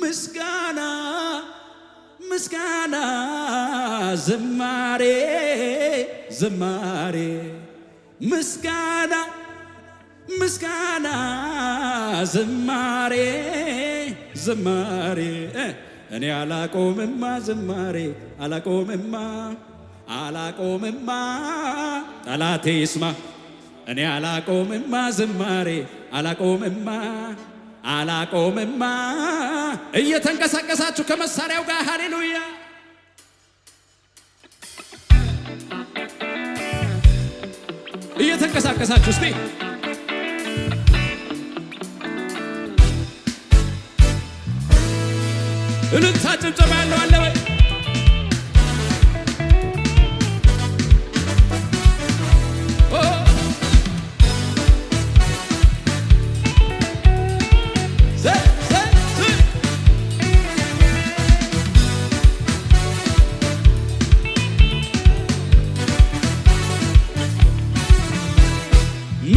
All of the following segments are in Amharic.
ምስጋና ምስጋና ዝማሬ ዝማሬ ምስጋና ምስጋና ዝማሬ ዝማሬ እኔ አላቆምማ ዝማሬ አላቆምማ አላቆምማ ጠላቴ ይስማ እኔ አላቆምማ ዝማሬ አላቆምማ አላቆምማ እየተንቀሳቀሳችሁ ከመሳሪያው ጋር ሃሌሉያ እየተንቀሳቀሳችሁ እስቲ እልልታ ያለው አለ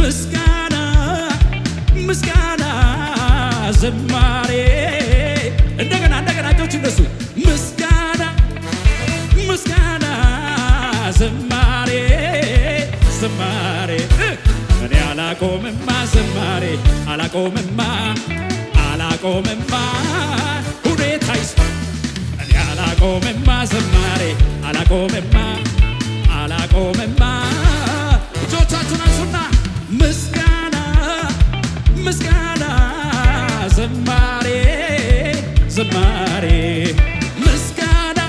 ምስጋና ምስጋና ዝማሬ እንደገና እንደገና እጆች እነሱ ምስጋና ምስጋና ዝማሬ ዝማሬ እኔ አላቆምማ ዝማሬ አላቆምማ አላቆምማ ሁኔታ ይስፋ እኔ አላቆምማ ዝማሬ አላቆምማ አላቆምማ ምስጋና ዝማሬ ዝማሬ ምስጋና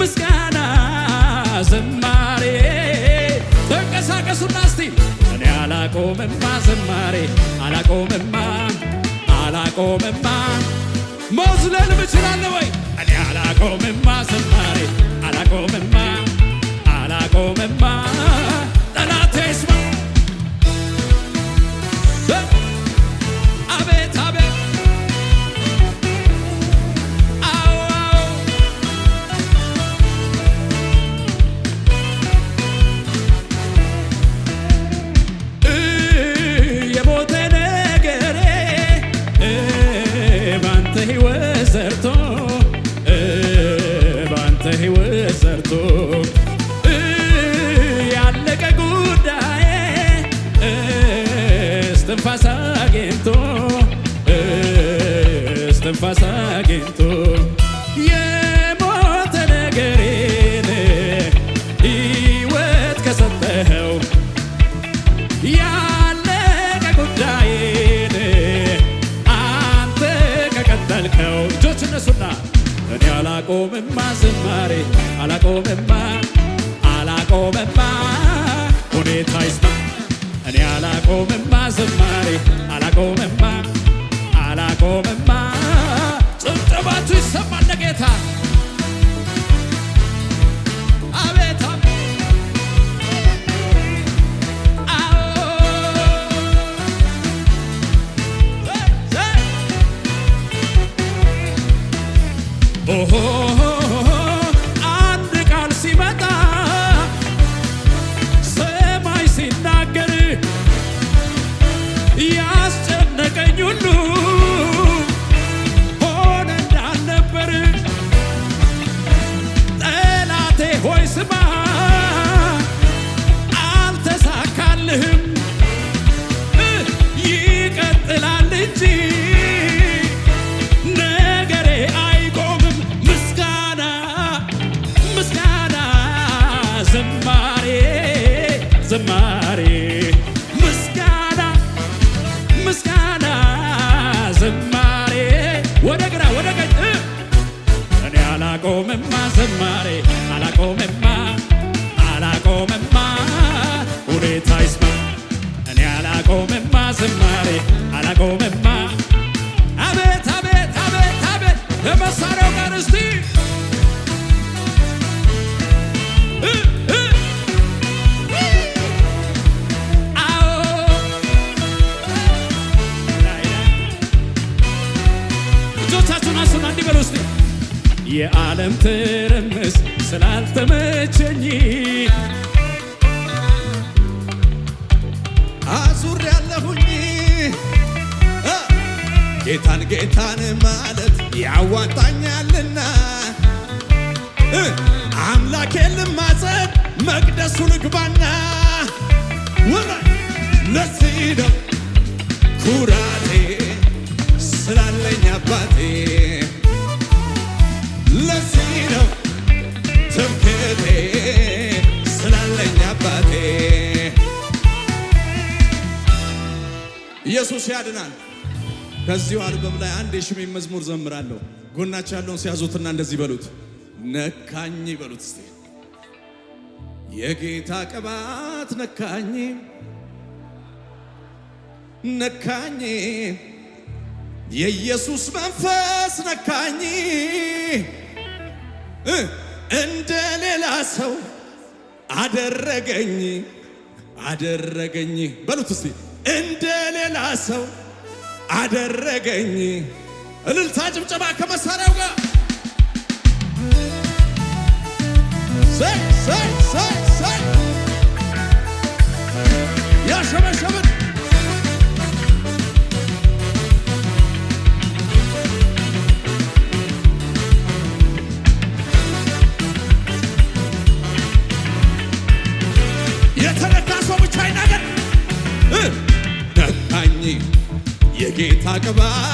ምስጋና ዝማሬ ተንቀሳቀሱና እስቲ እኔ አላቆምማ ዝማሬ አላቆምማ አላቆምማ መዝለልም እችላለሁ ወይ እኔ አላቆምማ ዝማሬ አላቆምማ አላቆምማ እስትንፋስ አግኝቶ እስትንፋስ አግኝቶ የሞተ ነገሬን ሕይወት ከሰጠኸው ያለቀ ጉዳዬን አንተ ከቀጠልከው እጆች እነሱና እኔ አላቆምማ ዝማሬ አላቆምማ አላቆምማ ሁኔታ ይስማ እኔ አላቆምማ ዝማሬ አላቆምማ አላቆምማ ጭብጨባችሁ ይሰማል ለጌታ አላቆምማ አላቆምማ ሁኔታ ይስማ እኔ አላቆምማ ዝማሬ አላቆምማ አቤት አቤት አቤት አቤት ከመሳሪያው ጋር እስቲ ልጆቻችሁን አሱና እንዲበሉ ውስጥ የዓለም ትርምስ ስላልተመቸኝ አዙር ያለሁኝ ጌታን ጌታን ማለት ያዋጣኛልና አምላኬን ልማጸን መቅደሱ ልግባና ወራ ለዚህ ነው ኩራቴ ስላለኝ አባቴ ለዚህ ትምክቴ ስላለኝ አባቴ ኢየሱስ ያድናል። ከዚሁ አልበም ላይ አንድ የሽሜን መዝሙር ዘምራለሁ። ጎናች ያለውን ሲያዙትና እንደዚህ በሉት፣ ነካኝ በሉት እስቲ የጌታ ቅባት ነካኝ ነካኝ የኢየሱስ መንፈስ ነካኝ እንደ ሌላ ሰው አደረገኝ አደረገኝ በሉት እስቲ እንደ ሌላ ሰው አደረገኝ። እልልታ ጭብጨባ ከመሳሪያው ጋር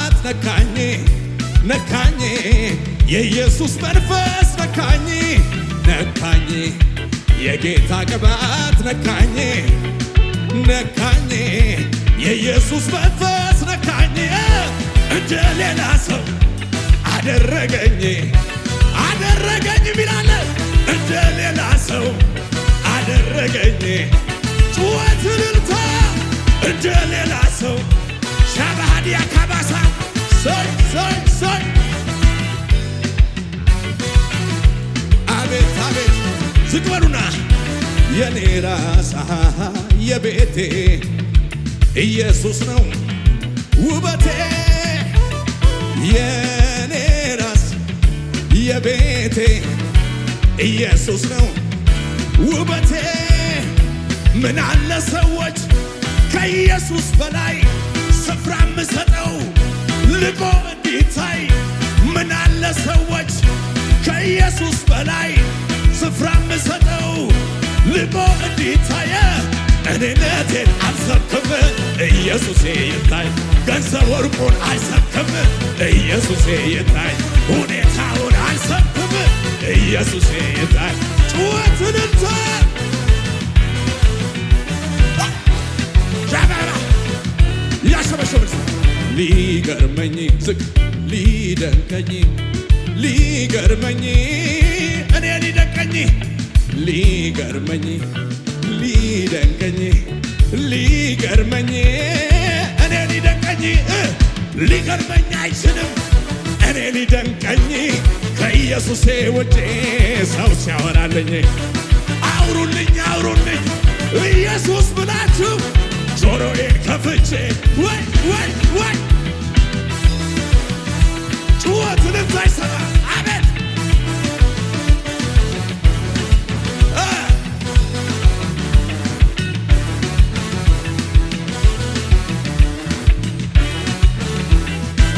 እሳት ነካኝ ነካኝ የኢየሱስ መንፈስ ነካኝ ነካኝ የጌታ ቅባት ነካኝ ነካኝ የኢየሱስ መንፈስ ነካኝ እንደ ሌላ ሰው አደረገኝ አደረገኝ ሚላለ እንደ ሌላ ሰው አደረገኝ ጩኸት ልልታ እንደ ሌላ ሰው ሻባሃዲያ ካባሳ አቤት አቤት ዝቅ በሉና የኔ ራስ የቤቴ ኢየሱስ ነው ውበቴ የኔ ራስ የቤቴ ኢየሱስ ነው ውበቴ ምናለ ሰዎች ከኢየሱስ በላይ ስፍራ የምሰጠው ጎልጎ እንዲታይ ምናለ ሰዎች ከኢየሱስ በላይ ስፍራ ምሰጠው ልቆ እንዲታየ እኔነቴን አልሰብክም ኢየሱሴ ይታይ ገንዘብ ወርቁን አልሰብክም ኢየሱሴ ይታይ ሁኔታውን አልሰብክም ኢየሱሴ ይታይ ጩኸትን እንታይ ሊገርመኝ ዝቅ ሊደንቀኝ ሊገርመኝ እኔ ሊደንቀኝ ሊገርመኝ ሊደንቀኝ ሊገርመኝ እኔ ሊደንቀኝ ሊገርመኝ አይችልም እኔ ሊደንቀኝ ከኢየሱሴ ውጪ ሰው ሲያወራልኝ አውሩልኝ አውሩልኝ ኢየሱስ ብላችሁ ጆሮዬን ከፍቼ ወይ ወይ ወይ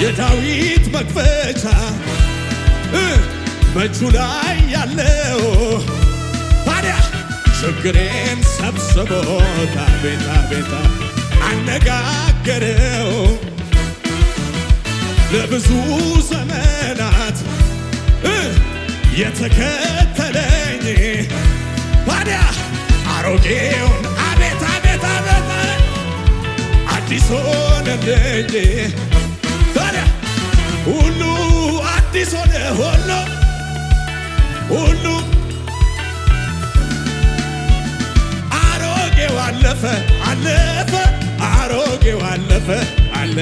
የዳዊት መክፈቻ በእጁ ላይ ያለው ታዲያ ችግሬን ሰብስቦ ታቤታ ቤታ አነጋገረው ለብዙ ዘመናት የተከተለኝ ታዲያ አሮጌውን አቤት አቤት አቤት አዲስ ሆነልኝ ሁሉ አዲስ ሆነ ሆኖ ሁሉ አሮጌው አለፈ አለፈ አሮጌው አለፈ አለ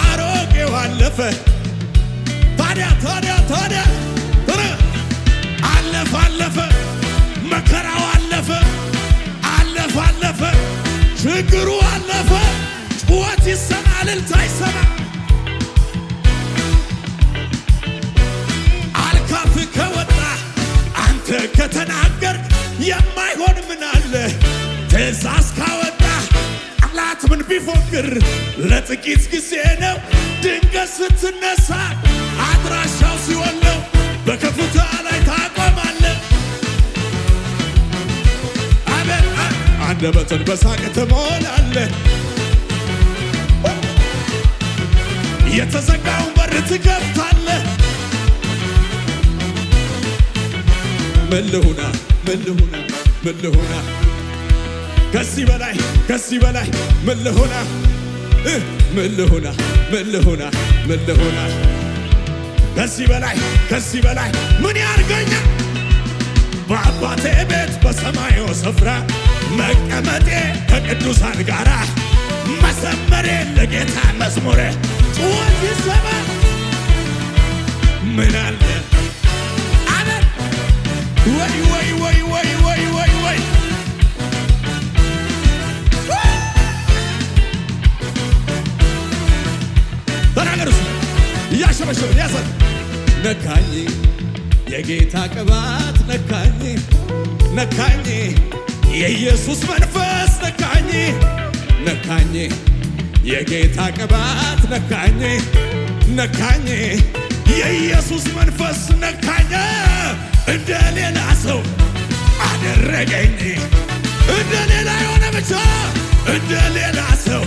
አሮጌው አለፈ ታዲያ ታዲያ ታዲያ አለፈ አለፈ መከራው አለፈ አለፈ አለፈ ችግሩ አለፈ ጩኸት ይሰማል እልልታ ከተናገር የማይሆን ምን አለ? ትእዛዝ ካወጣ አላት ምን ቢፎክር ለጥቂት ጊዜ ነው። ድንገት ስትነሳ አድራሻው ሲሆን ነው። በከፍታ ላይ ታቆማለ። አቤት አንደበትን በሳቅ ትሞላለ። የተዘጋውን በር ትከፍታል ምን ልሁና ምን ልሁና ምን ልሁና ከዚህ በላይ ከዚህ በላይ ምን ልሁና ምን ልሁና ከዚህ በላይ ከዚህ በላይ ምን ያርገኛል በአባቴ ቤት በሰማዩ ስፍራ መቀመጤ ከቅዱሳን ጋራ መሰመሬ ለጌታ መዝሙሬ ጩኸት ይሰማል ምን አለ ወይ ወይ ወይ ወይ ወይ ወይ ወይ እያሸበሸብን ያሰን ነካኝ የጌታ ቅባት ነካኝ ነካኝ የኢየሱስ መንፈስ ነካኝ ነካኝ የጌታ ቅባት ነካኝ ነካኝ የኢየሱስ መንፈስ ነካኝ እንደ ሌላ ሰው አደረገኝ እንደ ሌላ የሆነ ብቻ እንደ ሌላ ሰው